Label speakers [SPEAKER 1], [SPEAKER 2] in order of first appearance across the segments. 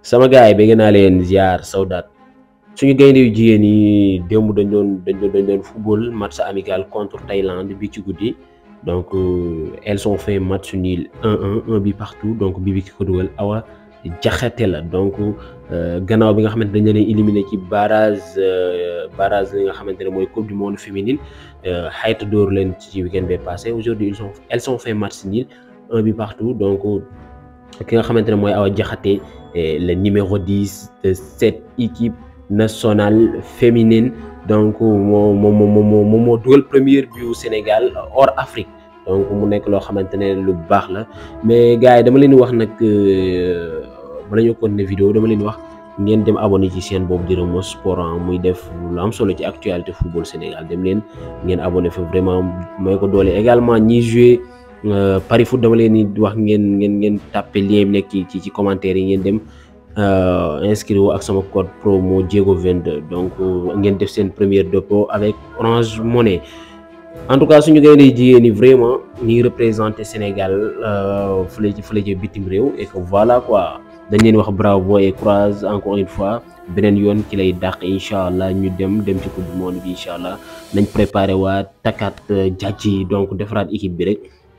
[SPEAKER 1] sama gaay yi bëgg ziar Sawdat suñu gaynde yu jigéen yi démb dañ doon dañ doon dañ doon football match amical contre Thaïlande bi ci goudi donc euh, elles ont fait match nul 1-1 un bi partout donc bi bi ki ko dugal Awa jaxete la donc euh, gannaaw bi nga xamante dañ leen éliminé ci barrage euh, barrage li nga xamante moy coupe du monde féminine xayta door leen ci week-end bi passé aujourd'hui ils ont elles ont fait match nul 1 1 un bi partout donc ki nga eh, le numéro 10 de cette équipe nationale féminine donc euh, premier but au Sénégal hors Afrique donc mu nek lu mais gars dama wax euh, vidéo dama wax dem abonné chaîne di ah, muy def actualité football Sénégal dem leen abonné vraiment may ko également euh, Paris Foot dama leen wax lien ci ci euh, code promo Diego 22 donc euh, ngeen def première dépôt avec Orange Money en tout cas suñu vraiment ni représenter Sénégal ci ci bitim et voilà quoi dañ bravo et croise encore une fois benen yoon ci lay dakh ñu dem dem ci coupe du monde bi nañ donc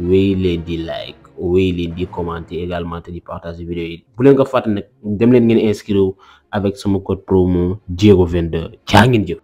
[SPEAKER 1] oui les di like wéy leen di commenter également te di partager vidéo yi bu len ko fàtte nak dem len ngeen inscrire avec son code promo Diego 22 jaa